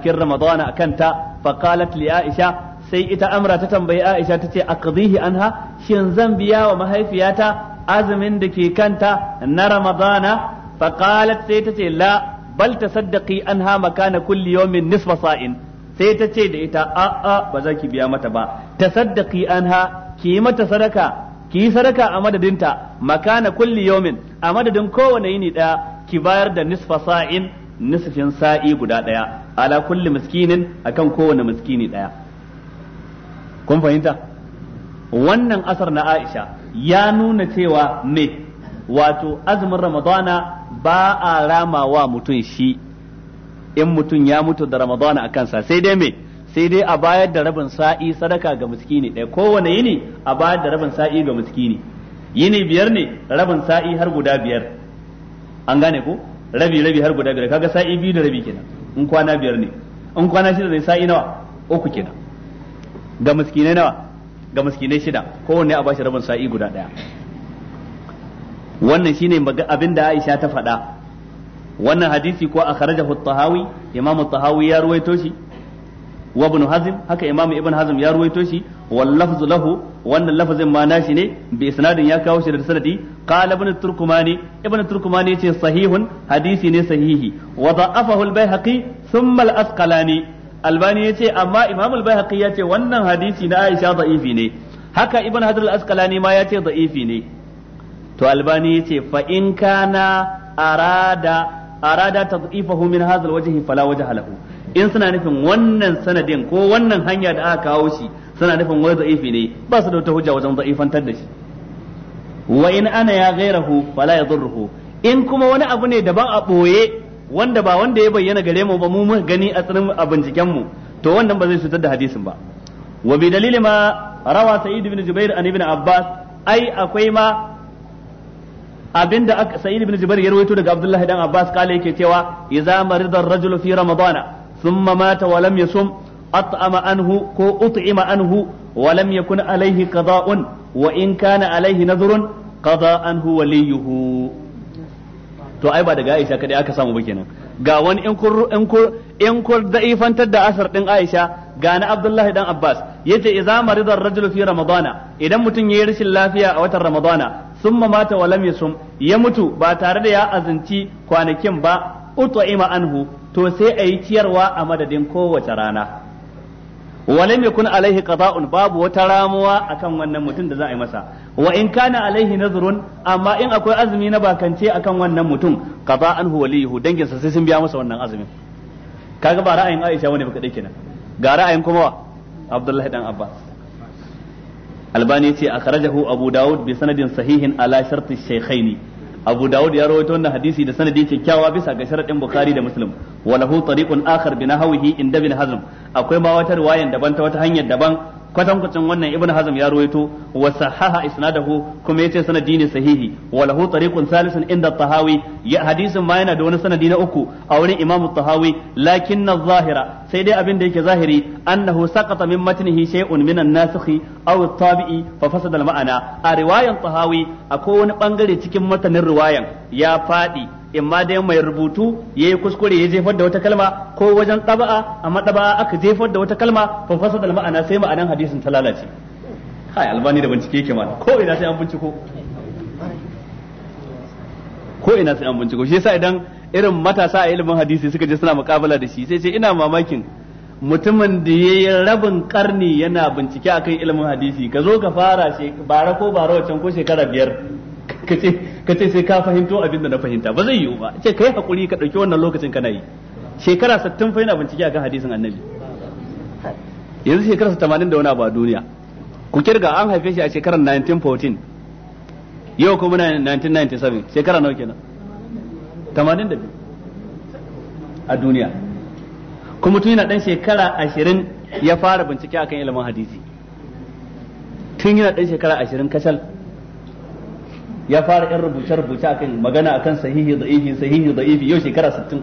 cikin ramadana akan ta fa li aisha sai ita amra ta tambayi aisha tace aqdihi anha shin zan biya wa mahaifiyata azumin da ke kanta na ramadana fa sai sai tace la bal tasaddaqi anha makana kulli yawmin nisfa sa'in sai ta ce da ita a a ba za ki biya mata ba tasaddaqi anha ki yi mata sadaka ki yi sadaka a madadinta makana kulli yawmin a madadin kowane yini daya ki bayar da nisfa sa'in nisfin sa'i guda daya ala kulli miskinin akan kowane miskini daya kun fahimta wannan asar na Aisha ya nuna cewa me wato azumin ramadana ba a ramawa mutum shi in mutum ya mutu da ramadana a kansa sai dai me sai dai a bayar da rabin sa'i sadaka ga miskini ɗaya kowane yini a bayar da rabin sa'i ga miskini yini biyar ne rabin sa'i har guda biyar an gane ko rabi rabi har guda biyar kaga sa'i biyu da rabi kenan in kwana biyar ne in kwana shida ne sa'i nawa uku kenan ga miskinai nawa ga miskinai shida kowanne a bashi rabin sa'i guda daya wannan shine abin da Aisha ta faɗa wannan hadisi ko akhrajahu at-Tahawi Imam at-Tahawi ya ruwaito shi wa ibn haka imamu ibn hazm ya ruwaito shi wal lafzu lahu wannan lafazin ma shi ne bi isnadin ya kawo shi da sanadi qala ibn turkumani ibn turkumani sahihun hadisi ne sahihi wa da'afahu al baihaqi thumma al asqalani albani yace amma imamu al baihaqi yace wannan hadisi na aisha da'ifi ne haka ibn hadar al asqalani ma yace da'ifi ne to albani yace fa in kana arada arada tad'ifahu min hadha al wajhi fala wajha lahu in suna nufin wannan sanadin ko wannan hanya da aka kawo shi suna nufin wani za'ifi ne ba su da wata hujja wajen za'ifantar da shi wa in ana ya gairahu fala yadurruhu in kuma wani abu ne da ba a boye wanda ba wanda ya bayyana gare mu ba mu mun gani a tsirin a binciken mu to wannan ba zai cutar da hadisin ba wa bi dalili ma rawa sa'id ibn jubair an ibn abbas ai akwai ma abinda sa'id ibn jubair ya rawaito daga abdullahi dan abbas kale yake cewa idza marida ar-rajulu fi ramadana thumma mata wa lam yasum at'ama anhu ko ut'ima anhu wa lam yakun alayhi qada'un wa in kana alayhi nadhrun qada anhu to ai ba daga Aisha kadai aka samu ba kenan ga wani in kun in kun in kun da'ifantar da asar din Aisha ga na Abdullahi dan Abbas yace idza marida ar-rajulu fi ramadana idan mutum yayi rashin lafiya a watan ramadana summa mata wa lam yasum ya mutu ba tare da ya azanci kwanakin ba ut'ima anhu to sai a yi ciyarwa a madadin kowace rana mai kun alaihi qada'un babu wata ramuwa akan wannan mutum da za a yi masa wa in kana alaihi nazrun amma in akwai azumi na bakance akan wannan mutum qada'an huwa lihu dangin sa sai sun biya masa wannan azumin kaga ba ra'ayin Aisha wani baka dai kenan ga ra'ayin kuma wa Abdullahi dan Abbas Albani ce akhrajahu Abu Dawud bi sanadin sahihin ala shartu shaykhaini Abu Dawud ya rawaito wannan hadisi da sanadi kyakkyawa bisa ga sharadin Bukhari da Muslim wa lahu tariqun akhar bi nahwihi inda bin Hazm akwai ma wata riwayan daban ta wata hanyar daban kwatankwacin wannan Ibn Hazm ya rawaito wa sahaha isnadahu kuma yace sanadi ne sahihi wa lahu tariqun salisun inda Tahawi ya hadisin ma yana da wani sanadi na uku a wurin Imam Tahawi lakinna zahira sai dai abin da yake zahiri annahu saqata min matnihi shay'un min an-nasikhi aw at-tabi'i fa fasada al-ma'ana a riwayan tahawi akwai wani bangare cikin matanin riwayan ya fadi imma dai mai rubutu yayi kuskure ya jefar da wata kalma ko wajen tab'a amma tab'a aka jefar da wata kalma fa fasada al-ma'ana sai ma'anan hadisin ta lalace kai albani da bincike yake ma ko ina sai an binciko ko ina sai an binciko shi yasa idan irin matasa a ilimin hadisi suka je suna mukabala da shi sai ce ina mamakin mutumin da ya yi rabin karni yana bincike akan ilimin hadisi ka zo ka fara bara ko bara wancan ko shekara biyar ka ce sai ka fahimto abin da na fahimta ba zai yiwu ba ce kai hakuri ka ɗauki wannan lokacin kana yi shekara sittin fa yana bincike akan hadisin annabi yanzu shekara tamanin da wani abu a duniya ku kirga an haife shi a shekarar 1914 yau kuma 1997 shekara nawa kenan 82 a duniya kuma tun yana dan shekara 20 ya fara bincike akan ilimin hadisi tun yana dan shekara 20 kasal ya fara yan rubuce rubuce akan magana akan sahihi da'ifi sahihi da'ifi yau shekara 60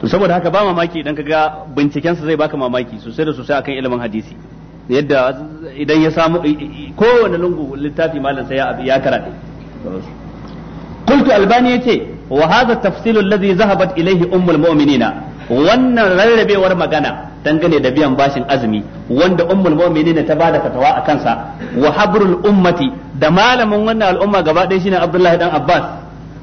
to saboda haka ba mamaki idan kaga bincikensa zai baka mamaki sosai da sosai akan ilimin hadisi yadda idan ya samu kowane lungu littafi malam sai ya karate sauransu qultu albani yace wa hadha tafsilu alladhi zahabat ilayhi ummul mu'minina wannan rarrabewar magana dangane da biyan bashin azumi wanda ummul ta ba da fatawa a kansa wa habrul ummati da malamin wannan al'umma gaba ɗaya shine Abdullahi dan Abbas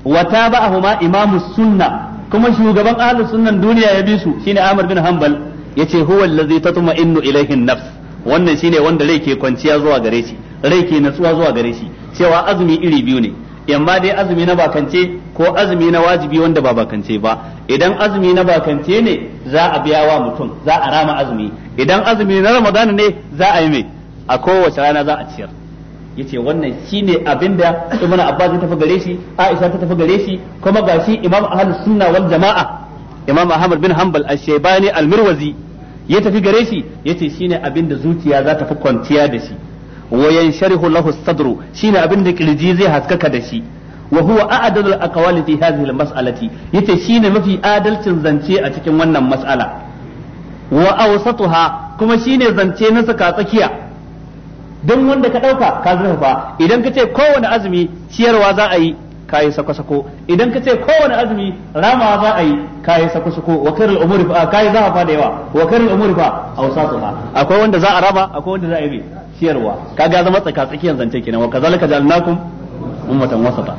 wa tabi'ahuma imamu sunna kuma shugaban ahlus sunnan duniya ya bi su shine Amr bin Hanbal yace huwa allazi tatma'innu ilayhi an-nafs wannan shine wanda rai ke kwanciya zuwa gare shi rai ke natsuwa zuwa gare shi cewa azumi iri biyu ne yamma dai azumi na bakance ko azumi na wajibi wanda ba bakance ba idan azumi na bakance ne za a biya wa mutum za a rama azumi idan azumi na ramadan ne za a yi mai a kowace rana za a ciyar ce wannan shine abinda ibnu abbas ya tafi gare shi aisha ta tafi gare shi kuma shi imam ahlus sunna wal jamaa imam ahmad bin hanbal ash-shaybani al-mirwazi ya tafi gare shi yace shine abinda zuciya za ta fi kwanciya da shi Wayan yansharihu lahu sadru shine abin da kirji zai haskaka da shi wa huwa a'dalu al-aqwali fi hadhihi al-mas'alati yace shine mafi adalcin zance a cikin wannan mas'ala wa awsatuha kuma shine zance na saka tsakiya don wanda ka dauka ka zurfa idan ka ce kowane azumi ciyarwa za a yi kayi sako-sako idan ka ce kowane azumi ramawa za a yi kayi sako-sako wa kairul umuri fa kayi zahafa da yawa wa kairul umuri fa awsatuha akwai wanda za a raba akwai wanda za a yi ciyarwa kaga zama tsaka tsakiyar zance kenan wa kazalika ja'alnakum ummatan wasata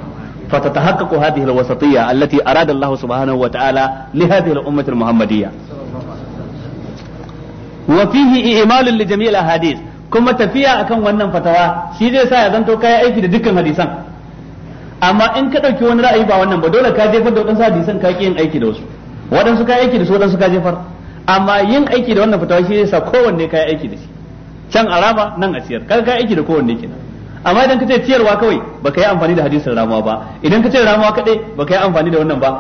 wannan fatawa shi zai sa ya zanto kai aiki da dukkan hadisan amma in ka dauki wani ra'ayi ba wannan ba dole ka jefar da wadansu hadisan ka yin aiki da wasu wadansu ka aiki da su wadansu ka jefar amma yin aiki da wannan fatawa shi zai sa kowanne ka aiki da shi can rama nan a ciyar kaga ka aiki da kowanne kenan amma idan ka ce ciyarwa kawai baka yi amfani da hadisin ramuwa ba idan ka ce ramuwa kadai baka yi amfani da wannan ba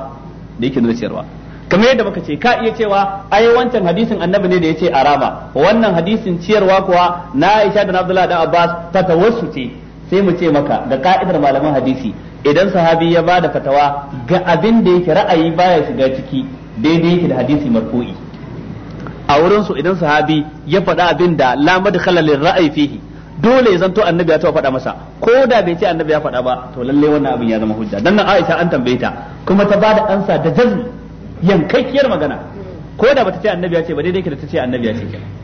da yake nuna ciyarwa kamar yadda muka ce ka iya cewa ai wancan hadisin annabi ne da yace araba wannan hadisin ciyarwa kuwa na Aisha da Abdullah da Abbas ta tawassu ce sai mu ce maka da ka'idar malaman hadisi idan sahabi ya bada fatawa ga abin da yake ra'ayi baya shiga ciki daidai yake da hadisi marfu'i a wurin su idan sahabi ya faɗa abin da la madkhala lil ra'ayi fihi dole ya zanto annabi ya tawa faɗa masa ko da bai ce annabi ya faɗa ba to lalle wannan abin ya zama hujja dan nan Aisha an tambaye ta kuma ta bada ansa da jazmi yankakkiyar magana ko da bata ce annabi ya ce ba daidai ke da ta ce annabi ya ce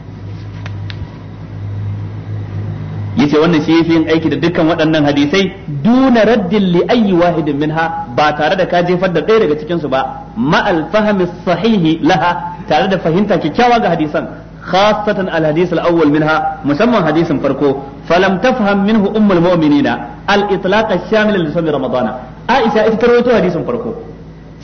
yace wannan shi yafi aiki da dukkan waɗannan hadisai duna raddin li ayyi wahidin minha ba tare da ka jefar da ɗaya daga cikinsu ba ma al fahmi sahihi laha tare da fahimta kyakkyawa ga hadisan khassatan al hadis al awwal minha musamman hadisin farko falam tafham minhu ummul mu'minina al itlaq al shamil li ramadana aisha ita tarawaito hadisin farko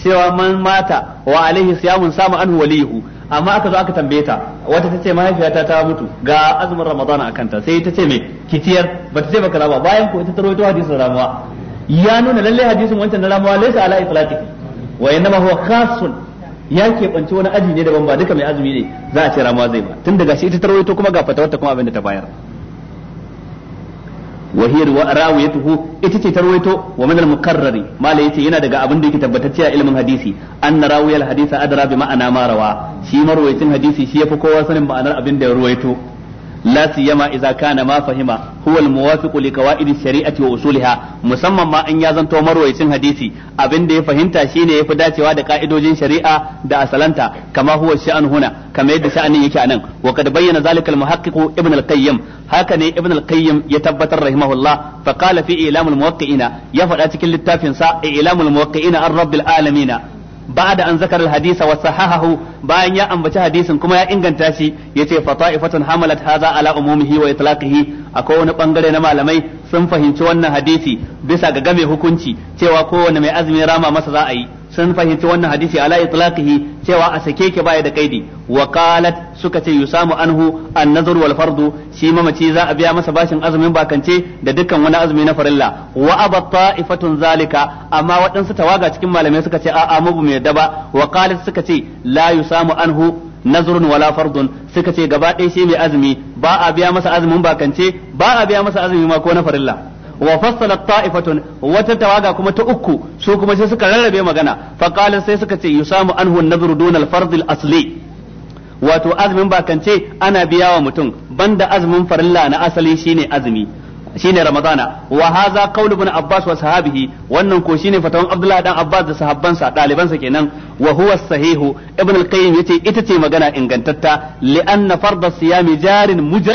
cewa man mata wa alaihi siyamun samu anhu walihu amma aka zo aka tambaye ta wata tace mahaifiyata ta mutu ga azumin ramadan a ta sai ta ce me kitiyar bata ce baka ba bayan ko ita ta rawaito hadisin ramuwa ya nuna lalle hadisin wancan na ramuwa laysa ala itlaqi wa innama huwa khasun ya banci wani aji ne daban ba duka mai azumi ne za a ce ramuwa zai ba tun daga shi ita ta rawaito kuma ga fatawarta kuma abin da ta bayar wa ya rawayatuhu ita ce tarwaito wa min al-mukarrari mala ce yana daga abin da yake tabbatacce a ilimin hadisi anna rawuyar hadisi adra bi ma'ana ma rawa shi marwayin hadisi shi ya fi kowa sanin ma'anar abin da ya ruwaito la siyama idza kana ma fahima huwa al muwafiqu li qawaid shari'ati wa usuliha musamman ma in ya zanto marwayacin hadisi abin da ya fahimta shi ne ya fi dacewa da ka'idojin shari'a da asalanta kama huwa sha'an huna kama yadda sha'anin yake anan wa kad bayyana zalika al muhaqqiqu ibn al qayyim haka ne ibn al ya tabbatar rahimahullah fa qala fi ilam al muwaqqi'ina ya faɗa cikin littafin sa ilam al muwaqqi'ina ar rabbil alamin بعد أن ذكر الحديث وصححه بأن يا أنبتي حديث كما يا إنغان تاشي يتي فطائفة حملت هذا على أمومه وإطلاقه أكون بانغري نما لمي سنفهن fahimci حديثي بساق غمي حكونتي game hukunci cewa kowane mai azumi sun fahimci wannan hadisi ala itlaqihi cewa a sake ki baya da kaidi wa qalat suka ce yusamu anhu an-nazr wal shi mamaci za a biya masa bashin azumin bakance da dukkan wani azumi na farilla wa abatta ifatun zalika amma waɗansu tawaga cikin malamai suka ce a'a mu mai yadda wa qalat suka ce la yusamu anhu nazrun wala fardun suka ce gaba ɗaya shi mai azumi ba a biya masa azumin bakance ba a biya masa azumi ma ko na farilla wa fassalat ta'ifatun wata tawaga kuma ta uku su kuma sai suka rarrabe magana fa sai suka ce yusamu anhu an-nadru duna al-fardh asli wato azumin bakance ana biya wa mutum banda azumin farilla na asali shine azumi shine ramadana wa hadha qaul ibn abbas wa sahabihi wannan ko shine fatawan abdullah dan abbas da sahabbansa dalibansa kenan wa huwa sahihu ibn al-qayyim yace ita ce magana ingantatta li anna fardh as-siyami jarin mujra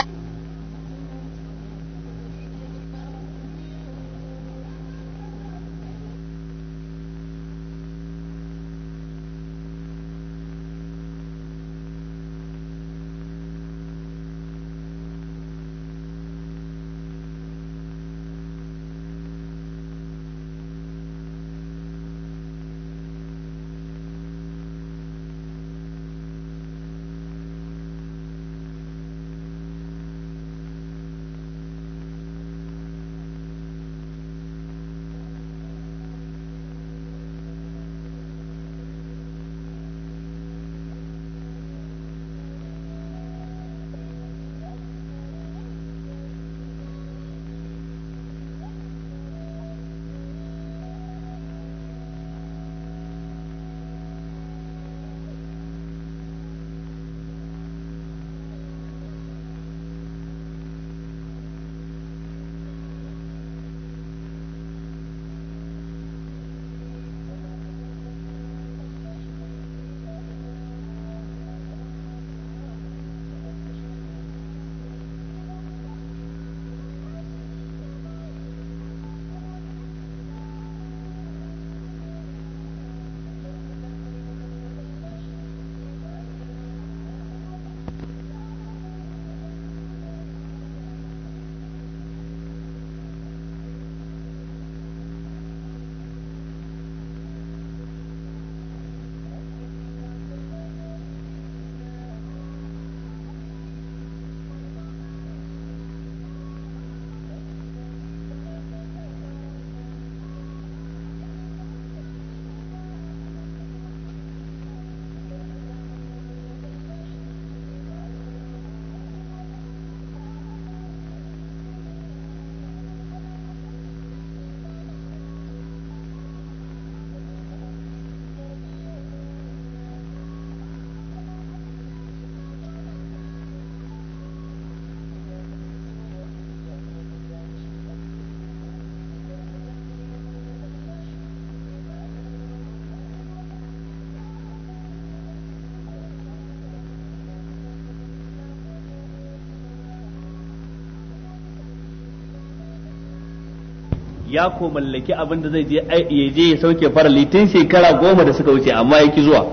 ya ko mallaki abin da zai je ya je ya sauke farali tun shekara goma da suka wuce amma yaki zuwa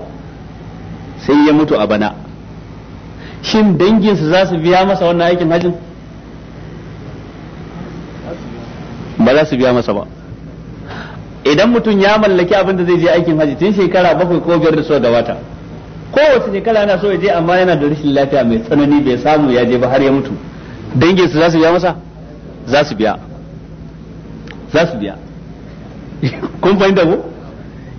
sai ya mutu a bana shin danginsa za su biya masa wannan aikin hajjin ba za su biya masa ba idan mutum ya mallaki abin da zai je aikin haji tun shekara bakwai ko biyar da so da wata kowace shekara yana so ya je amma yana da rashin lafiya mai tsanani bai samu ya je ba har ya mutu danginsa za su biya masa za su biya za su biya kun fahimta ko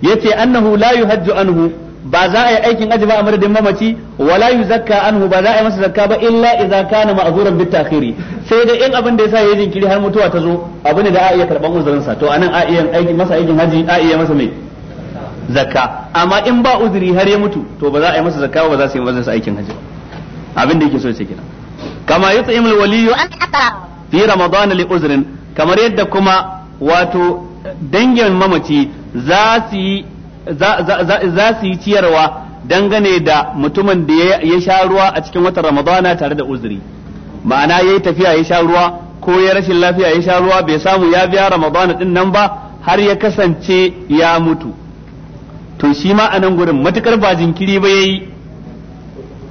yace annahu la yuhajju anhu ba za a yi aikin aji ba a madadin mamaci wala yuzakka anhu ba za a yi masa zakka ba illa idza kana ma'zuran bit ta'khiri sai dai in abin da yasa yayin jinkiri har mutuwa ta zo abin da a iya karban uzurin sa to anan a iya aikin masa aikin haji a iya masa mai zakka amma in ba uzuri har ya mutu to ba za a yi masa zakka ba za su yi masa aikin haji abin da yake so ya ce kenan kama yut'imul waliyyu fi ramadan li uzrin kamar yadda kuma wato dangin mamaci za su yi ciyarwa dangane da mutumin da ya sha ruwa a cikin watan ramadana tare da uzuri ma'ana ya yi tafiya ya sha ruwa ko ya rashin lafiya ya sha ruwa bai samu ya biya ramadana din nan ba har ya kasance ya mutu to shi ma a nan gurin matukar ba jinkiri ba ya yi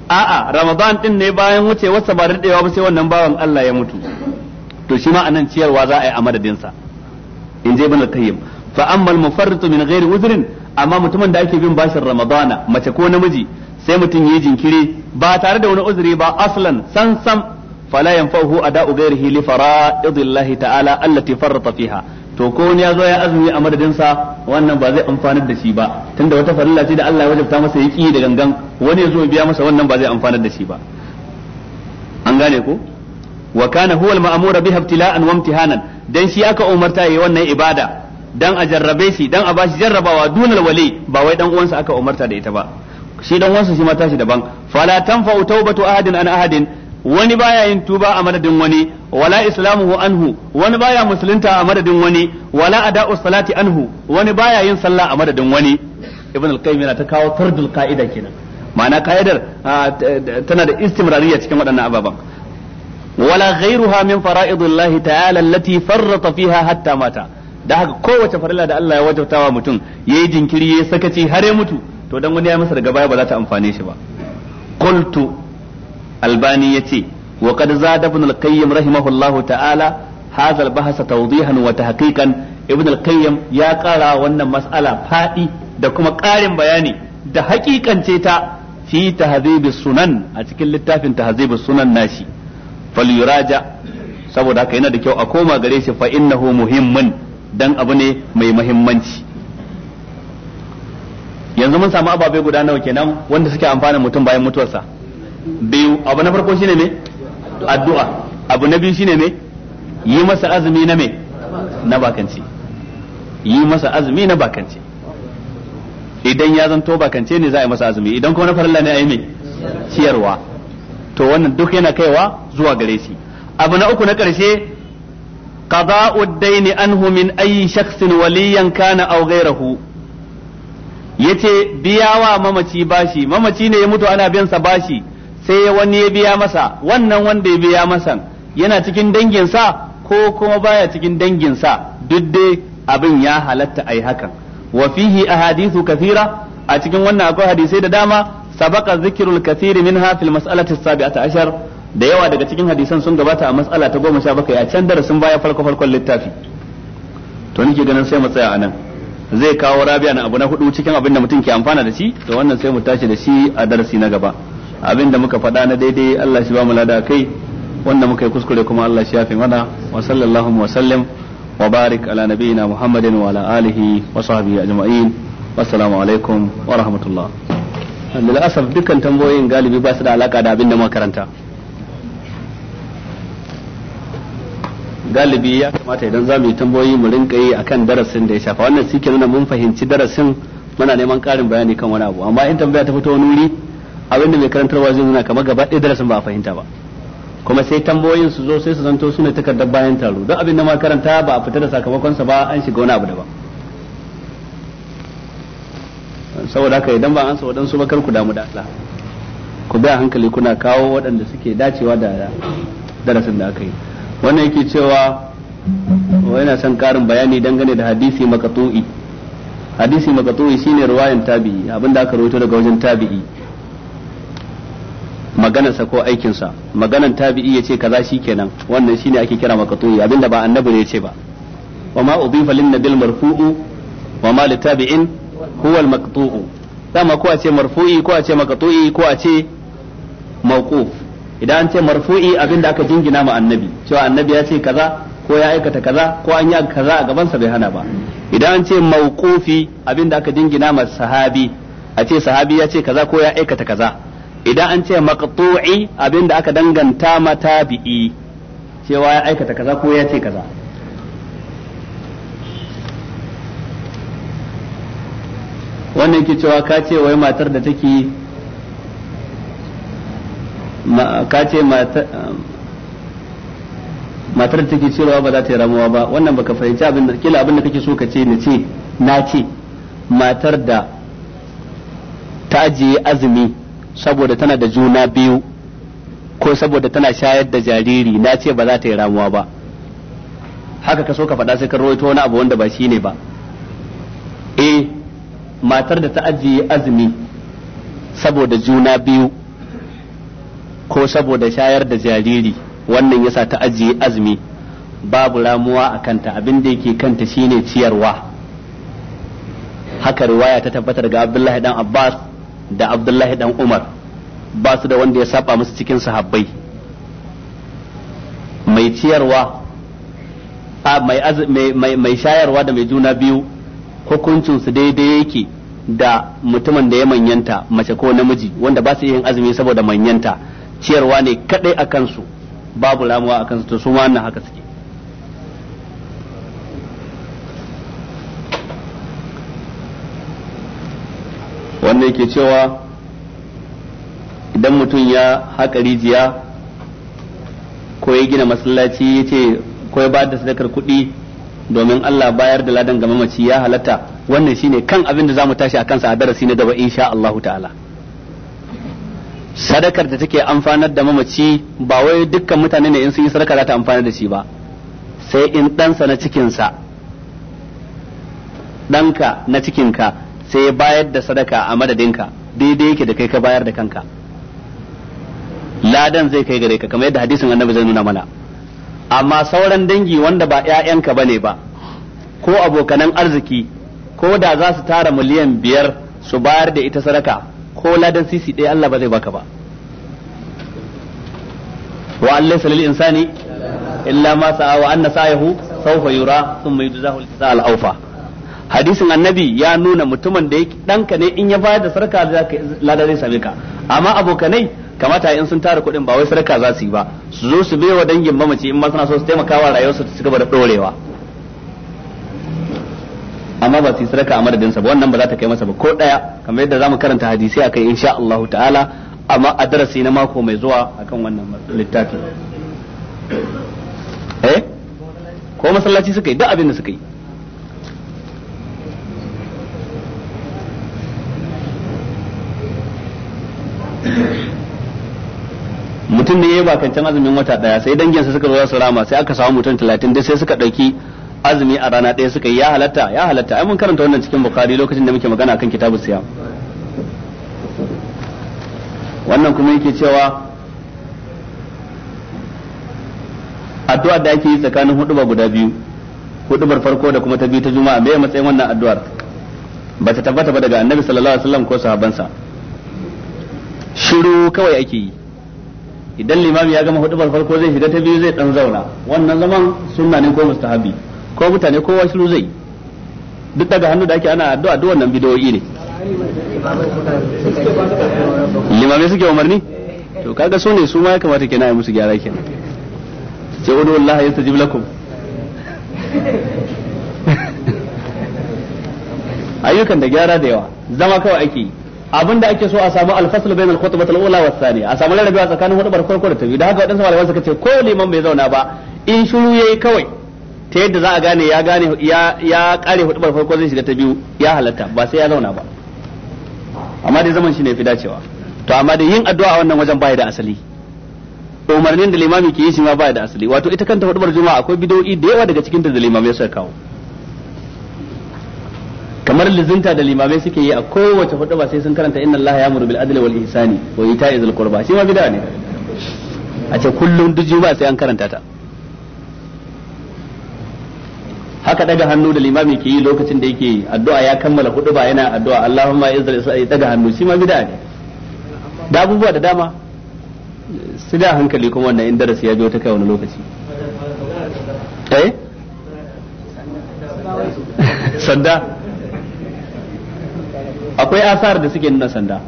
a'a ramadan din ne bayan wuce wasa ba daɗewa ba sai wannan bawan Allah ya mutu to shi ma a nan ciyarwa za a yi a madadinsa in je ibn al-qayyim fa amma al-mufarritu min ghairi uzrin amma mutumin da ake bin bashin ramadana mace ko namiji sai mutum yi jinkiri ba tare da wani uzuri ba aslan san sam fala a ada'u ghairihi li fara'idillahi ta'ala allati farrata fiha to ko wani ya zo ya azumi a madadin sa wannan ba zai amfanar da shi ba tunda wata farilla ce da Allah ya wajabta masa yaki da gangan wani ya zo biya masa wannan ba zai amfanar da shi ba an gane ko wa kana huwa al-ma'mur biha ibtila'an wa imtihanan dan shi aka umarta yayi wannan ibada dan a jarrabe shi dan a bashi jarrabawa dunal wali ba wai dan uwansa aka umarta da ita ba shi dan uwansa shi ma tashi daban fala tanfa'u tawbatu ahadin an ahadin wani baya yin tuba a madadin wani wala islamuhu anhu wani baya musulunta a madadin wani wala ada'u salati anhu wani baya yin sallah a madadin wani ibn al-qayyim yana ta kawo fardul qa'ida kenan ma'ana ka'idar tana da istimrariya cikin waɗannan ababen. wala ghairuha min fara'idillahi ta'ala allati farrata fiha hatta mata da haka kowace farilla da Allah ya wajabtawa mutum yayi jinkiri yayi sakaci har ya mutu to dan wani ya masa daga baya ba za ta amfane shi ba qultu albani yace wa qad zada ibn al-qayyim rahimahullahu ta'ala hadha al-bahsa tawdihan wa tahqiqan ibn al-qayyim ya kara wannan mas'ala fadi da kuma karin bayani da hakikance ta fi tahdhibis sunan a cikin littafin tahdhibis sunan nashi falyuraja saboda haka yana da kyau a koma gare shi fa innahu muhimmin dan abu ne mai muhimmanci yanzu mun samu ababe guda nawa kenan wanda suke amfana mutum bayan mutuwarsa biyu abu na farko shine me addu'a abu na biyu shine me yi masa azumi na me na bakanci yi masa azumi na bakanci idan ya zanto bakance ne za a yi masa azumi idan kuma na farilla ne a yi me ciyarwa to wannan duk yana kaiwa zuwa gare shi abu na uku na ƙarshe qada'ud daini anhu min ayyi shakhsin waliyan kana aw ghayrahu yace biyawa mamaci bashi mamaci ne ya mutu ana biyan sa bashi sai wani ya biya masa wannan wanda ya biya masa yana cikin dangin sa ko kuma baya cikin dangin sa duk dai abin ya halatta ai hakan wa fihi ahadithu kathira a cikin wannan akwai hadisai da dama sabaqa zikrul kathiri minha fil mas'alati as-sabi'ati ashar da yawa daga cikin hadisan sun gabata a mas'ala ta goma sha bakwai a can darasin baya farko farkon littafi to nake ganin sai mu tsaya anan zai kawo rabi'a na abu na hudu cikin abin da mutum ke amfana da shi to wannan sai mu tashi da shi a darasi na gaba abin da muka faɗa na daidai Allah shi ba mu lada kai wanda muka yi kuskure kuma Allah shi yafi mana wa sallallahu wa sallam wa barik ala nabiyina muhammadin wa ala alihi wa sahbihi ajma'in wassalamu alaikum wa rahmatullah lil asaf dukkan tambayoyin galibi ba su da alaka da abin da makaranta galibi ya kamata idan za mu yi tambayoyi mu rinka yi kan darasin da ya shafa wannan shi ke nuna mun fahimci darasin muna neman karin bayani kan wani abu amma in tambaya ta fito wani wuri abin da mai karantarwa zai na kama gaba ɗaya darasin ba a fahimta ba kuma sai tambayoyin su zo sai su zanto su ne takardar bayan taro don abin da makaranta ba a fita da sakamakonsa ba an shiga wani abu daban saboda haka idan ba an sa waɗansu ba kar ku damu da Allah ku bi a hankali kuna kawo waɗanda suke dacewa da darasin da aka yi wannan yake cewa yana son karin bayani dangane da hadisi makatu'i hadisi makatu'i shine ruwayan tabi'i abinda aka rawaito daga wajen tabi'i sa ko aikin sa maganan tabi'i yace ce kaza shikenan wannan shine ake kira makatu'i abinda ba annabi ne ya ce ba wa ma udifa lin nabil marfu'u wa ma tabi'in. huwal al-maqtu'u dama ko a ce marfu'i ko a ce maqtu'i ko a ce mawquf idan an ce marfu'i abinda aka jingina ma annabi cewa annabi ya ce kaza ko ya aikata kaza ko an yi kaza a gabansa bai hana ba idan an ce mawqufi abinda aka jingina ma sahabi a ce sahabi ya ce kaza ko ya aikata kaza idan an ce maqtu'i abinda aka danganta ma tabi'i cewa ya aikata kaza ko ya ce kaza wannan ke cewa ka ce wai matar da take ka ce matar da take cewa ba za ta yi ramuwa ba wannan baka fahimci abin da kila abin da kake so ka ce na ce na ce matar da ta ajiye azumi saboda tana da juna biyu ko saboda tana shayar da jariri na ce ba za ta yi ramuwa ba haka ka so ka faɗa sai ka rawaito wani abu wanda ba shi ne ba eh matar da ta ajiye azumi saboda juna biyu ko saboda shayar da jariri wannan yasa ta ajiye azumi babu ramuwa a kanta abin da yake kanta shine ciyarwa haka riwaya ta tabbatar ga abdullahi dan abbas da abdullahi dan umar ba su da wanda ya saba musu cikin sahabbai mai ciyarwa mai shayarwa da mai juna biyu hukuncinsu daidai yake da mutumin da ya manyanta mace ko namiji wanda ba su yin azumi saboda manyanta ciyarwa ne kadai a kansu babu ramuwa a kansu to su ma wannan haka suke wanda yake cewa idan mutum ya haƙa rijiya ko ya gina masallaci ya ce ko ya ba da sadakar kuɗi domin Allah bayar da ladan ga mamaci ya halatta wannan shine kan abin da zamu tashi a kansa a darasi na gaba insha Allah ta'ala sadakar da take amfanar da mamaci ba wai dukkan mutane ne in sun yi sadaka za ta amfanar da shi ba sai in ɗansa na cikinsa ɗanka na cikinka sai ya bayar da sadaka a madadinka daidai yake da kai ka bayar da kanka ladan zai kai gare ka kamar yadda hadisin annabi zai nuna mana amma sauran dangi wanda ba 'ya'yanka ne ba ko abokanan arziki ko da za su tara miliyan biyar su bayar da ita sadaka ko ladan sisi ɗaya Allah ba zai baka ba wa Allah salil insani illa ma sa'a wa anna sa'ahu sawfa yura thumma yujzahu al awfa hadisin annabi ya nuna mutumin da yake danka ne in ya bayar da sadaka ladan zai same ka amma abokanai kamata in sun tara kuɗin ba wai sadaka za su yi ba su zo su bai wa dangin mamaci in ma suna so su taimaka wa rayuwarsu su gaba da ɗorewa amma ba su yi sadaka a madadin sa ba wannan ba za ta kai masa ba ko ɗaya kamar yadda zamu karanta hadisi akai insha Allah ta'ala amma a darasi na mako mai zuwa akan wannan littafi eh ko masallaci suka yi duk abin da suka yi mutum ne ya kancan azumin wata daya sai danginsa suka zo su rama sai aka samu mutum talatin dai sai suka dauki azumi a rana ɗaya suka yi ya halatta ya halatta ai mun karanta wannan cikin bukhari lokacin da muke magana kan kitabus siyam wannan kuma yake cewa addu'ar da ake yi tsakanin huduba guda biyu hudubar farko da kuma ta biyu ta juma'a me matsayin wannan addu'ar ba ta tabbata ba daga annabi sallallahu alaihi wasallam ko sahabansa shiru kawai ake yi idan limami ya gama hudubar farko zai shiga ta biyu zai dan zauna wannan zaman sunna ne ko mustahabi ko mutane kowa shiru zai duk daga hannu da ake ana addu'a duk wannan bidoyi ne limami suke umarni to kaga so ne su ma ya kamata kenan ai musu gyara kenan sai wani wallahi tajib lakum ayyukan da gyara da yawa zama kawai ake yi abinda ake so a samu alfasl bain al-khutbah al-ula wa thaniya a samu rarrabewa tsakanin hudubar farko da ta biyu da haka wadansu malaman suka ce ko liman bai zauna ba in shiru yayi kawai ta yadda za a gane ya gane ya ya kare hudubar farko zai shiga ta biyu ya halatta ba sai ya zauna ba amma dai zaman shi ne fi dacewa to amma da yin addu'a a wannan wajen baya da asali umarnin da limami ke yi shi ma baya da asali wato ita kanta hudubar juma'a akwai bidoyi da yawa daga cikin da ya suka kawo kamar lizinta da limamai suke yi a kowace hudu ba sai sun karanta inna allaha ya'muru bil adli wal ihsani wa ita'i dhil qurba shi ma bid'a ne a ce kullum duk juma'a sai an karanta ta haka daga hannu da limami ke yi lokacin da yake addu'a ya kammala hudu ba yana addu'a Allahumma izra sai daga hannu shi ma bid'a ne da abubuwa da dama su da hankali kuma wannan in darasi ya biyo ta kai wani lokaci eh sanda akwai asar da suke nuna sanda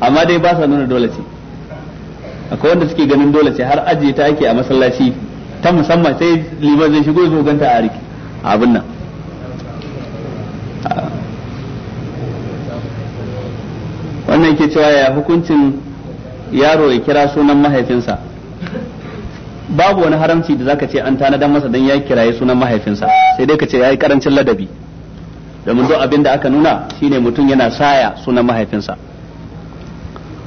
amma dai ba sa nuna dole ce akwai wanda suke ganin dole ce har ajiye ta ake a masallaci ta musamman sai liman zai shigo zo ganta a riki abin nan wannan ke cewa ya hukuncin yaro ya kira sunan mahaifinsa babu wani haramci da zaka ce an tanadan masa dan ya kiraye sunan mahaifinsa sai dai ka ce ya yi karancin ladabi domin duk abin da aka nuna shine mutum yana saya sunan mahaifinsa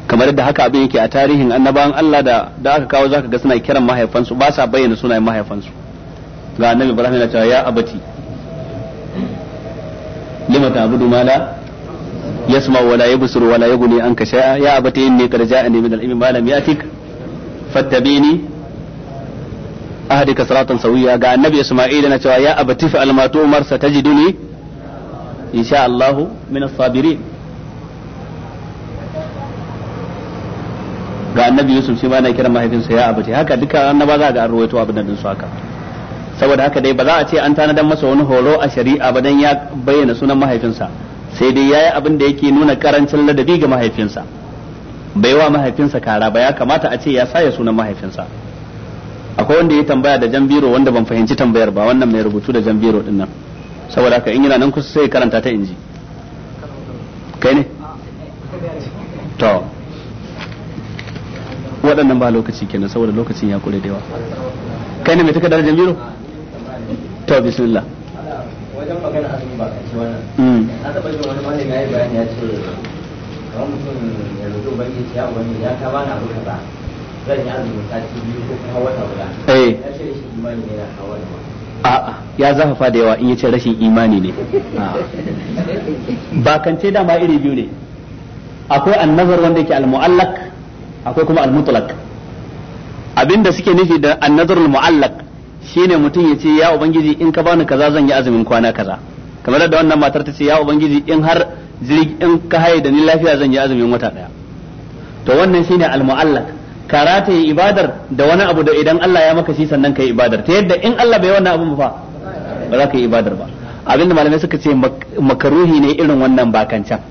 kamar da haka abin yake a tarihin annabawan Allah da da aka kawo zaka ga suna kiran mahaifansu ba sa bayyana sunayen mahaifansu ga annabi Ibrahim ya cewa ya abati lima ta'budu ma la yasma wa la yubsiru wa la yughni anka shay'a ya abati inni qad ja'ani min al-ilmi ma lam ya'tik fattabini ahdika siratan sawiya ga annabi Isma'il yana cewa ya abati fa almatu matu umar satajiduni insha Allahu min as-sabirin ga annabi Yusuf shi ma na kira mahaifinsa ya abace haka duka ba za ga an ruwaito abin nan haka saboda haka dai ba za a ce an tanadan masa wani horo a shari'a ba dan ya bayyana sunan mahaifinsa sai dai yayi abin da yake nuna karancin ladabi ga mahaifinsa bai wa mahaifinsa kara ba ya kamata a ce ya saya sunan mahaifinsa akwai wanda ya tambaya da jambiro wanda ban fahimci tambayar ba wannan mai rubutu da jambiro din nan saboda haka in yana nan kusa sai karanta ta inji kai ne to waɗannan ba lokaci kenan saboda lokacin ya kure da yawa kai ne mai taka darajar biro to bismillah wajen magana azumi ba kace wannan mm. na taba jin wani malami yayi bayani ya ce kamar mutum ya rubuta ubangiji ya wani ya ta bana abu kaza zan yi azumi sati biyu ko kuma wata guda eh ya ce shi imani ne na kawai a'a ya zafafa da yawa in yace rashin imani ne Ba kan ce dama iri biyu ne akwai annazar wanda yake al-mu'allaq akwai kuma al-mutlaq abinda suke nufi da annazar al-mu'allaq shine mutum ya ce ya ubangiji in ka bani kaza zan yi azumin kwana kaza kamar da wannan matar ta ce ya ubangiji in har in ka haye da ni lafiya zan yi azumin wata daya to wannan shine al-mu'allaq ka rataye ibadar da wani abu da idan Allah ya maka shi sannan ka yi ibadar ta yadda in Allah bai wannan abun ba ba za ka yi ibadar ba abinda malamai suka ce makaruhi ne irin wannan bakancan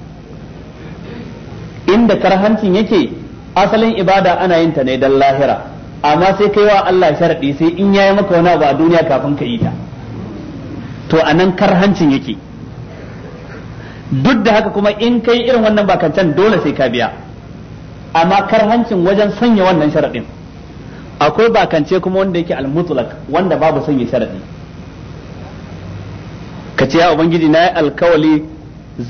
inda karhancin yake asalin ibada ana yin ta ne dan lahira amma sai kai wa Allah sharadi sai in yayi maka wani abu a duniya kafin ka yi ta to anan karhancin yake duk da haka kuma in kai irin wannan bakancan dole sai ka biya amma karhancin wajen sanya wannan sharadin akwai bakance kuma wanda yake al-mutlaq wanda babu sanya sharadi ka ce ya ubangiji na yi alkawali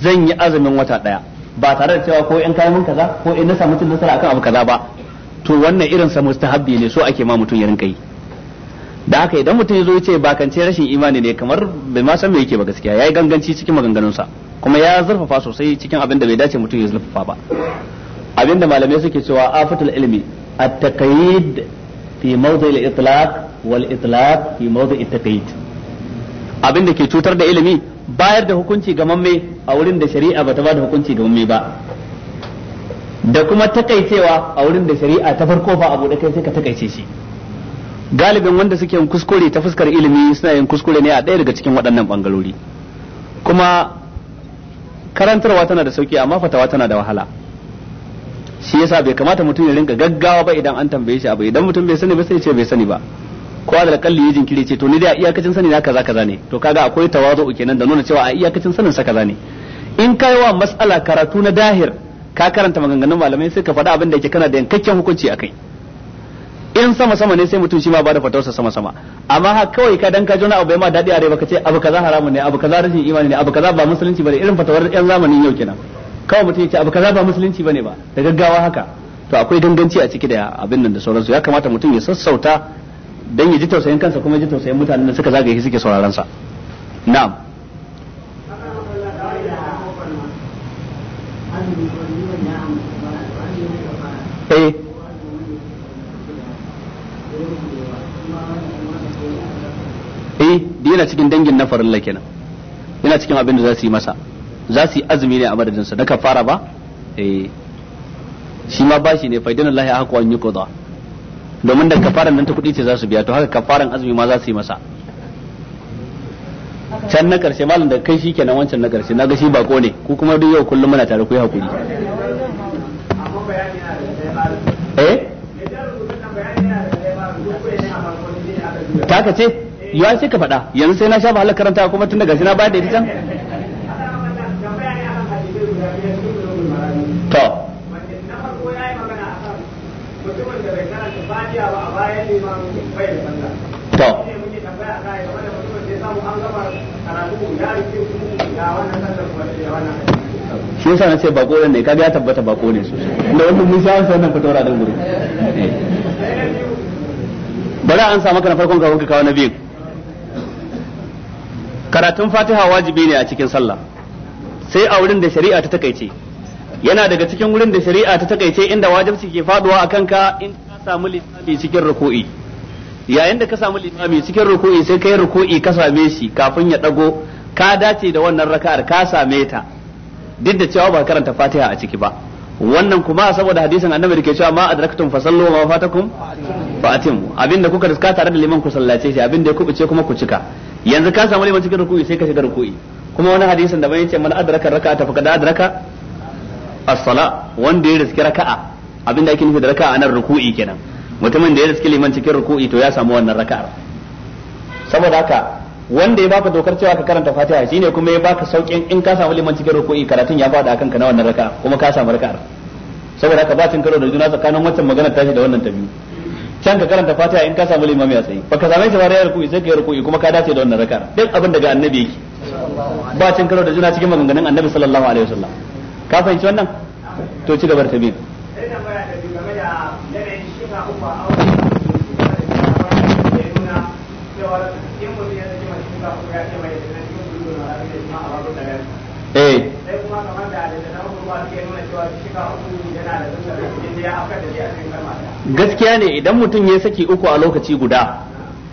zan yi azumin wata daya ba tare da cewa ko in kai mun kaza ko in na samu cin nasara akan abu kaza ba to wannan irin sa mustahabbi ne so ake ma mutum ya rinka yi da haka idan mutum ya zo ce bakance rashin imani ne kamar bai ma san me yake ba gaskiya yayi ganganci cikin maganganunsa kuma ya zurfafa sosai cikin abin da bai dace mutum ya zurfafa ba abinda malamai suke cewa afatul ilmi at-taqyid fi mawdi' al-itlaq wal itlaq fi mawdi' at-taqyid abinda ke cutar da ilimi bayar da hukunci ga mamme a wurin da shari'a bata ba da hukunci ga mamme ba da kuma takaicewa a wurin da shari'a ta farko fa abu da kai sai ka takaice shi galibin wanda suke yin kuskure ta fuskar ilimi suna yin kuskure ne a ɗaya daga cikin waɗannan bangalori. kuma karantarwa tana da sauki amma fatawa tana da wahala shi yasa bai kamata mutum ya rinka gaggawa ba idan an tambaye shi abu idan mutum bai sani ba sai ce bai sani ba ko da kalli ya jinkiri ce to ni da iyakacin sani na kaza kaza ne to kaga akwai tawazu kenan da nuna cewa a iyakacin sanin sa kaza ne in kai wa mas'ala karatu na dahir ka karanta maganganun malamai sai ka faɗa abin da yake kana da yankakken hukunci akai in sama sama ne sai mutum shi ma ba da fatawarsa sama sama amma ha kawai ka dan ka jona abu ma dadi a rai baka ce abu kaza haramun ne abu kaza rashin imani ne abu kaza ba musulunci bane irin fatawar yan zamanin yau kenan kawai mutum ya ce abu kaza ba musulunci bane ba da gaggawa haka to akwai danganci a ciki da abin nan da sauransu ya kamata mutum ya sassauta dan ya ji tausayin kansa kuma ya ji tausayin mutanen da suka zagaye suke sauraron sa na'am eh eh yana cikin dangin na farin kenan yana cikin abin da za su yi masa za su yi azumi ne a madadinsa sa na kafara ba eh. shi ma bashi ne faidan Allah ya haƙo yi qada domin da kafaran nan ta kuɗi ce za su biya to haka kafaran azumi ma za su yi masa can na karshe malam da kai shi kenan wancan na karshe ga shi bako ne ku kuma duk yau kullum muna tare ku yi hakuri eh ta ka ce yawa sai ka faɗa yanzu sai na sha wahalar karanta kuma tun daga shi na ba da ita can to to shi yasa na ce bako ne ne kaga ya tabbata bako ne sosai da wanda mun sha wannan fitowar nan gurin bari an sa maka na farkon kafin ka kawo na biyu karatun fatiha wajibi ne a cikin sallah sai a wurin da shari'a ta takaice yana daga cikin wurin da shari'a ta takaice inda wajibci ke faduwa a kanka in ka samu limami cikin ruku'i yayin da ka samu limami cikin ruku'i sai kai ruku'i ka same shi kafin ya dago ka dace da wannan raka'ar ka same ta duk da cewa ba karanta Fatiha a ciki ba wannan kuma saboda hadisin annabi da ke cewa ma adraktum fasallu ma fatakum fa'atimu abinda kuka riska tare da liman ku sallace shi abinda ya kubuce kuma ku cika yanzu ka samu liman cikin ruku'i sai ka shiga ruku'i kuma wani hadisin da bai yace man adraka raka'a faqad adraka as-sala wanda ya riski raka'a abinda ake nufi da raka'a anan ruku'i kenan mutumin da ya riski liman cikin ruku'i to ya samu wannan raka'ar saboda haka wanda ya baka dokar cewa ka karanta Fatiha shine kuma ya baka saukin in ka samu liman cikin ruku'i karatun ya fada akan ka na wannan raka'a kuma ka samu raka'ar saboda haka ba cin karo da juna tsakanin wancan magana tashi da wannan ta biyu can ka karanta Fatiha in ka samu limami a tsaye baka same shi ba rayar ruku'i sai ka yi ruku'i kuma ka dace da wannan raka'ar duk abin daga annabi yake ba cin karo da juna cikin maganganun annabi sallallahu alaihi wasallam ka fahimci wannan to ci gaba ta tabi eh gaskiya ne idan mutum ya saki uku a lokaci guda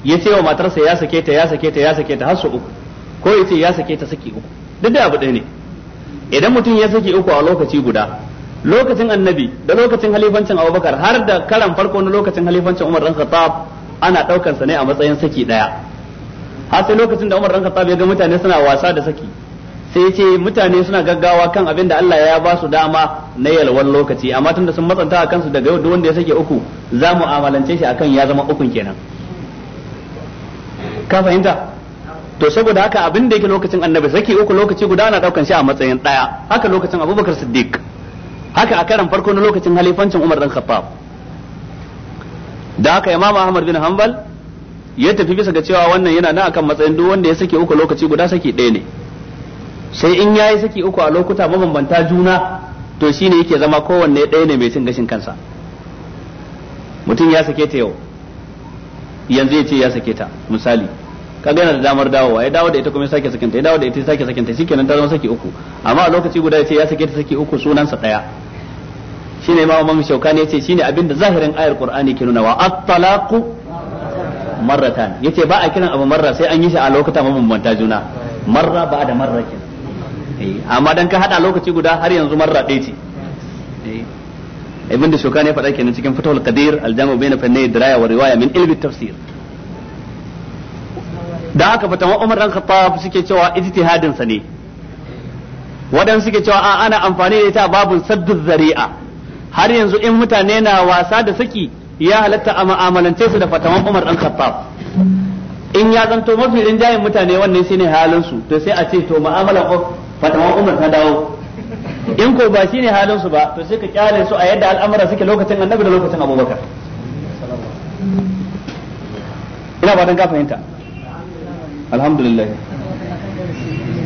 ya ce wa matarsa ya sake ta ya sake ta ya sake ta har su uku ko ya ce ya sake ta saki uku duk da abu ɗaya ne idan mutum ya saki uku a lokaci guda lokacin annabi da lokacin halifancin abubakar har da karan farko na lokacin halifancin umar dan khattab ana ɗaukarsa sa ne a matsayin saki ɗaya har sai lokacin da umar ɗan khattab ya ga mutane suna wasa da saki sai ce mutane suna gaggawa kan abin da Allah ya ba su dama na yalwan lokaci amma tun da sun matsanta a kansu daga yau wanda ya sake uku za mu amalance shi akan ya zama ukun kenan ka fahimta to saboda haka abin da yake lokacin annabi saki uku lokaci guda ana daukan shi a matsayin daya haka lokacin abubakar siddiq haka a karan farko na lokacin halifancin umar dan khattab da haka imam ahmad bin hanbal ya tafi bisa ga cewa wannan yana nan akan matsayin duk wanda ya saki uku lokaci guda saki ɗaya ne sai in yayi saki uku a lokuta mabambanta juna to shine yake zama kowanne ɗaya ne mai cin gashin kansa mutum ya sake ta yau yanzu ya ce ya sake ta misali kaga yana da damar dawowa ya dawo da ita kuma ya sake sakinta ya dawo da ita ya sake sakinta shikenan ta zama saki uku amma a lokaci guda ya ce ya sake ta saki uku sunansa daya shine imam Imam Shaukani yace shine abinda zahirin ayar Qur'ani ke nuna wa at-talaqu marratan yace ba a kiran abu marra sai an yi shi a lokuta mabambanta juna marra ba da marra ke eh, amma dan ka hada lokaci guda har yanzu marra ɗaya ce eh, ibn da shukani ya faɗa kenan cikin fatawul qadir al-jamu bayna fannay diraya wa riwaya min ilmi tafsir da haka fatawa Umar dan Khattab suke cewa ijtihadin sa ne wadan suke cewa a ana amfani da ita babun saddu zari'a har yanzu in mutane na wasa da saki ya halatta a mu'amalance su da fatawan Umar dan Khattab in ya zanto mafi rinjayen mutane wannan shine halin su to sai a ce to mu'amalan fatawan Umar ta dawo in ko ba shine halin su ba to sai ka kyale su a yadda al'amura suke lokacin Annabi da lokacin Abubakar ina ba dan ka fahimta الحمد لله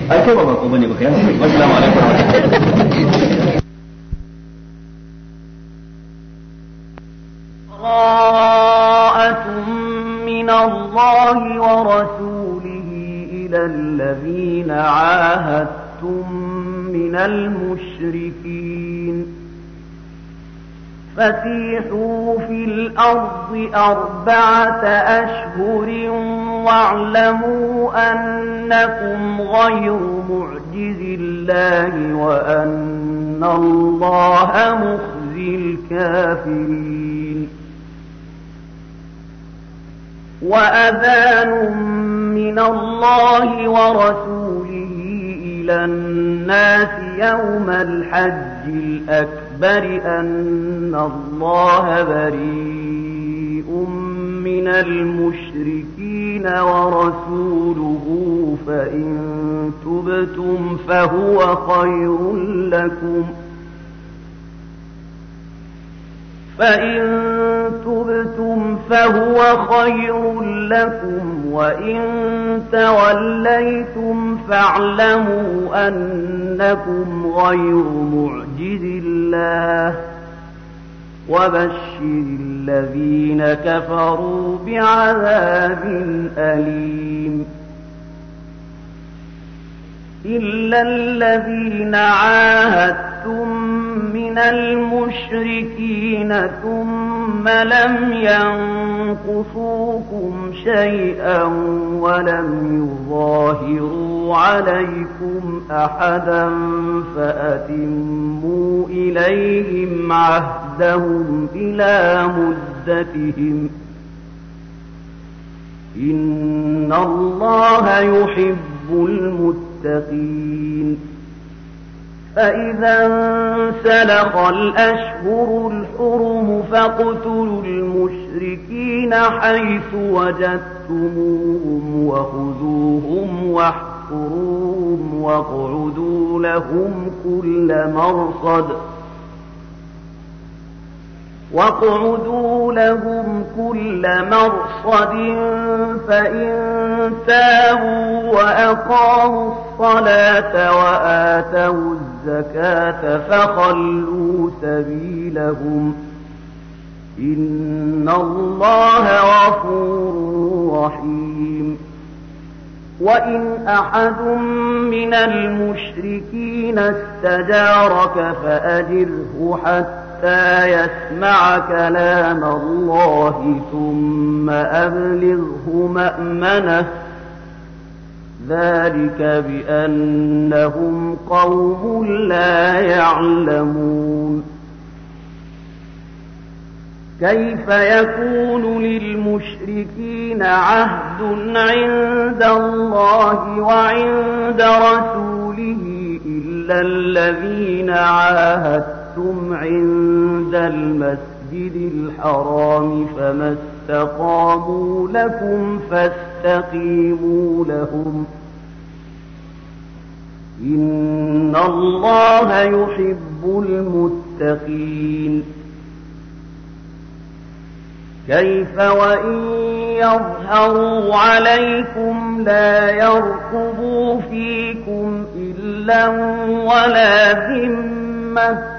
kai ba bako bane baka yi assalamu براءة من الله ورسوله إلى الذين عاهدتم من المشركين فسيحوا في الأرض أربعة أشهر واعلموا أنكم غير معجز الله وأن الله مخزي الكافرين وأذان من الله ورسوله إلى الناس يوم الحج الأكبر أن الله بريء من المشركين ورسوله فإن تبتم فهو خير لكم فإن تبتم فهو خير لكم وإن توليتم فاعلموا أنكم غير معجز الله وبشر الذين كفروا بعذاب أليم إلا الذين عاهدتم من المشركين ثم لم ينقصوكم شيئا ولم يظاهروا عليكم أحدا فأتموا إليهم عهدهم إلى مدتهم إن الله يحب المتقين المتقين فإذا انسلخ الأشهر الحرم فاقتلوا المشركين حيث وجدتموهم وخذوهم واحفروهم واقعدوا لهم كل مرصد واقعدوا لهم كل مرصد فإن تابوا وأقاموا الصلاة وآتوا الزكاة فخلوا سبيلهم إن الله غفور رحيم وإن أحد من المشركين استجارك فأجره حتى حتى يسمع كلام الله ثم أبلغه مأمنه ذلك بأنهم قوم لا يعلمون كيف يكون للمشركين عهد عند الله وعند رسوله إلا الذين عاهدوا أقمتم عند المسجد الحرام فما استقاموا لكم فاستقيموا لهم إن الله يحب المتقين كيف وإن يظهروا عليكم لا يرقبوا فيكم إلا ولا ذمة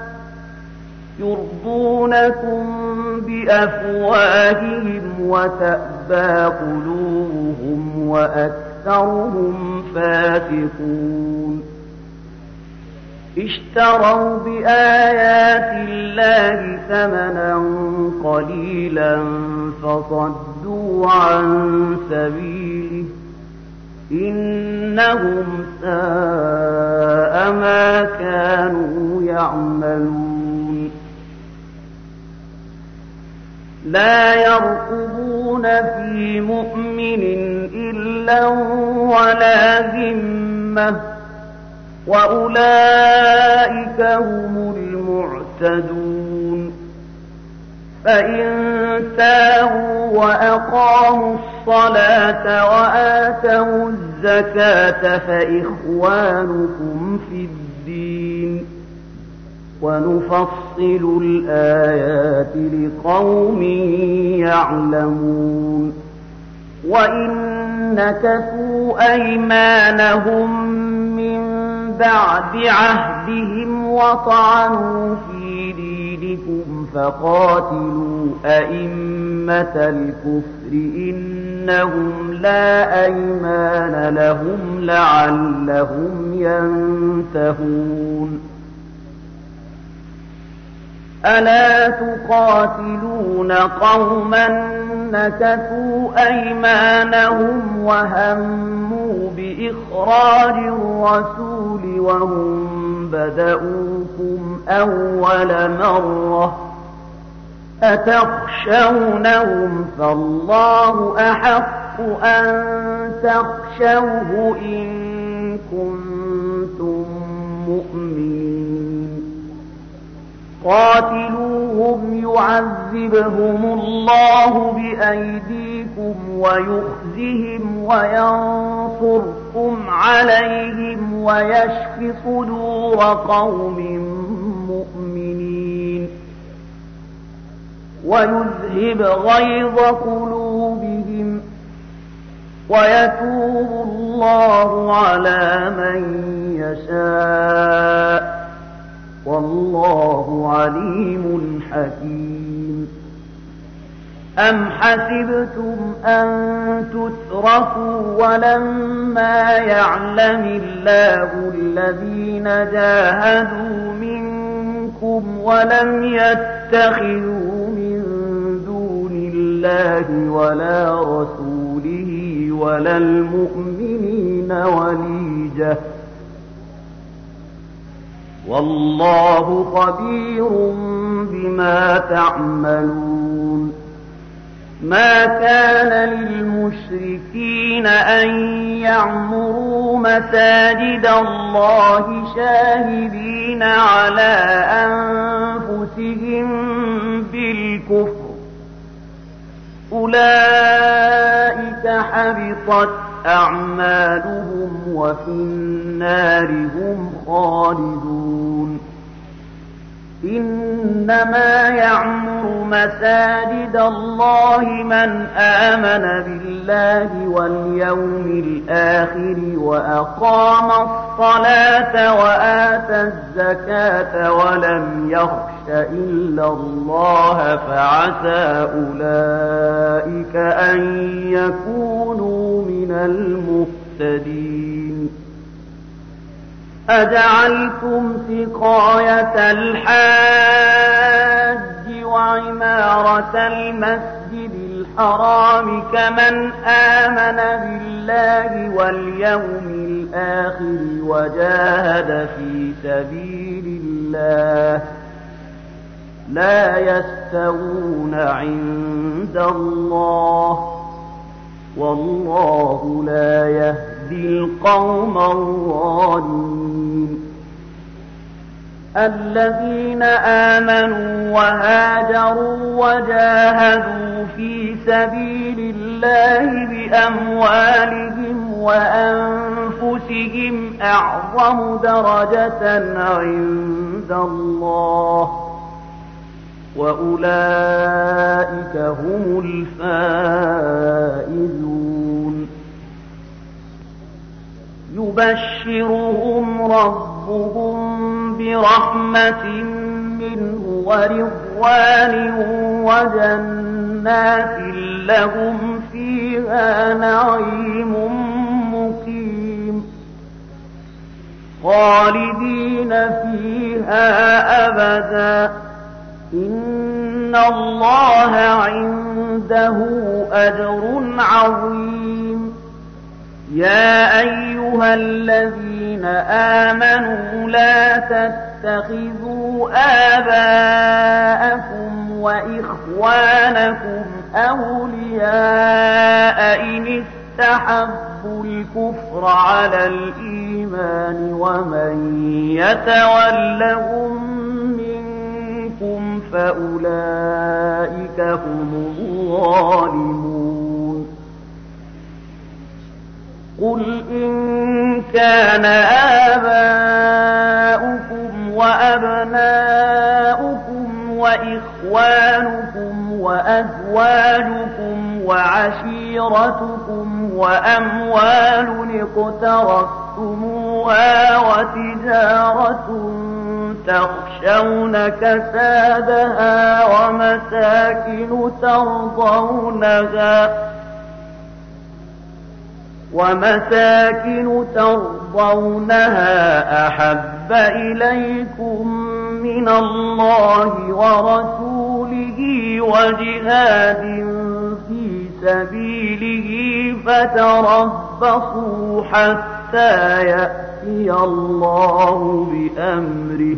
يرضونكم بأفواههم وتأبى قلوبهم وأكثرهم فاتقون اشتروا بآيات الله ثمنا قليلا فصدوا عن سبيله إنهم ساء ما كانوا يعملون لا يرقبون في مؤمن إلا ولا ذمة وأولئك هم المعتدون فإن تاهوا وأقاموا الصلاة وآتوا الزكاة فإخوانكم في الدين ونفصل الآيات لقوم يعلمون وإن نكثوا أيمانهم من بعد عهدهم وطعنوا في دينكم فقاتلوا أئمة الكفر إنهم لا أيمان لهم لعلهم ينتهون ألا تقاتلون قوما نكثوا أيمانهم وهموا بإخراج الرسول وهم بدأوكم أول مرة أتخشونهم فالله أحق أن تخشوه إن كنتم مؤمنين قاتلوهم يعذبهم الله بأيديكم ويخزهم وينصركم عليهم ويشف صدور قوم مؤمنين ويذهب غيظ قلوبهم ويتوب الله على من يشاء والله عليم حكيم أم حسبتم أن تتركوا ولما يعلم الله الذين جاهدوا منكم ولم يتخذوا من دون الله ولا رسوله ولا المؤمنين وليجه والله خبير بما تعملون ما كان للمشركين أن يعمروا مساجد الله شاهدين على أنفسهم بالكفر أولئك حبطت أعمالهم وفي النار هم خالدون إنما يعمر مساجد الله من آمن بالله واليوم الآخر وأقام الصلاة وآتى الزكاة ولم يخش إلا الله فعسى أولئك أن يكونوا من المهتدين أجعلتم سقاية الحاج وعمارة المسجد الحرام كمن آمن بالله واليوم الآخر وجاهد في سبيل الله لا يستوون عند الله والله لا يهدي يهدي القوم الظالمين الذين آمنوا وهاجروا وجاهدوا في سبيل الله بأموالهم وأنفسهم أعظم درجة عند الله وأولئك هم الفائزون يبشرهم ربهم برحمة منه ورضوان وجنات لهم فيها نعيم مقيم خالدين فيها أبدا إن الله عنده أجر عظيم يا أيها الذين آمنوا لا تتخذوا آباءكم وإخوانكم أولياء إن استحبوا الكفر على الإيمان ومن يتولهم منكم فأولئك هم الظالمون قل إن كان آباؤكم وأبناؤكم وإخوانكم وأزواجكم وعشيرتكم وأموال اقترفتموها وتجارة تخشون كسادها ومساكن ترضونها ومساكن ترضونها أحب إليكم من الله ورسوله وجهاد في سبيله فتربصوا حتى يأتي الله بأمره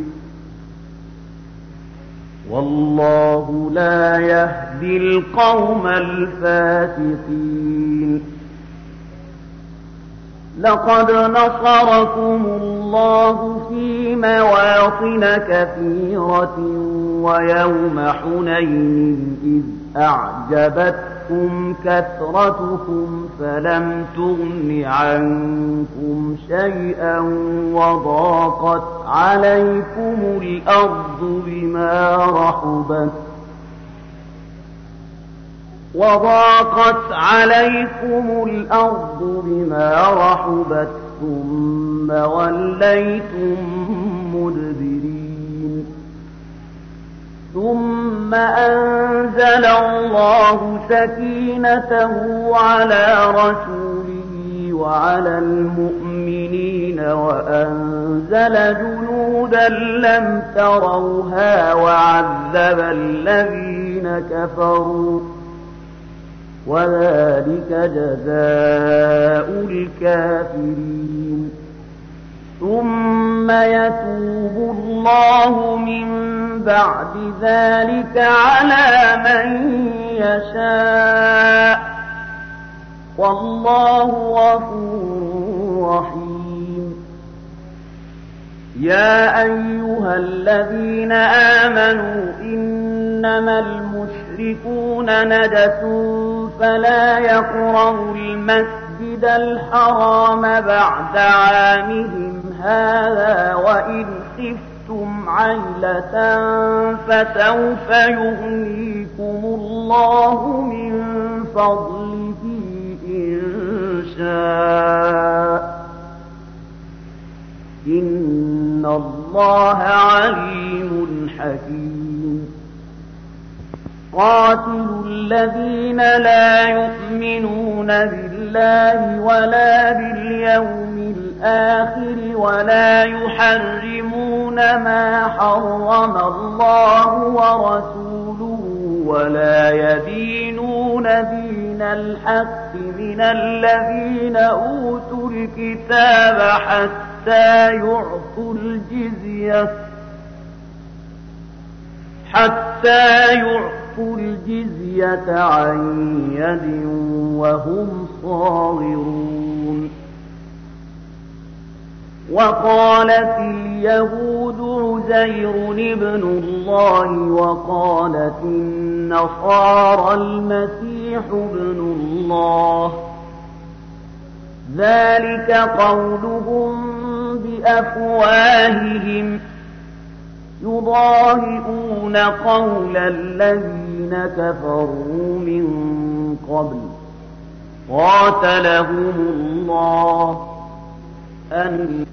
والله لا يهدي القوم الفاسقين لقد نصركم الله في مواطن كثيرة ويوم حنين إذ أعجبتكم كثرتكم فلم تغن عنكم شيئا وضاقت عليكم الأرض بما رحبت وضاقت عليكم الأرض بما رحبت ثم وليتم مدبرين ثم أنزل الله سكينته على رسوله وعلى المؤمنين وأنزل جنودا لم تروها وعذب الذين كفروا وذلك جزاء الكافرين ثم يتوب الله من بعد ذلك على من يشاء والله غفور رحيم يا أيها الذين آمنوا إنما المشركون نجسون فلا يقربوا المسجد الحرام بعد عامهم هذا وإن خفتم عيلة فسوف يغنيكم الله من فضله إن شاء إن الله عليم حكيم قاتلوا الذين لا يؤمنون بالله ولا باليوم الآخر ولا يحرمون ما حرم الله ورسوله ولا يدينون دين الحق من الذين أوتوا الكتاب حتى يعطوا الجزية حتى يعطوا يُؤْتُوا الْجِزْيَةَ عَن يَدٍ وَهُمْ صَاغِرُونَ وقالت اليهود عزير ابن الله وقالت النصارى المسيح ابن الله ذلك قولهم بأفواههم يضاهئون قول الذين كفروا من قبل قاتلهم الله أن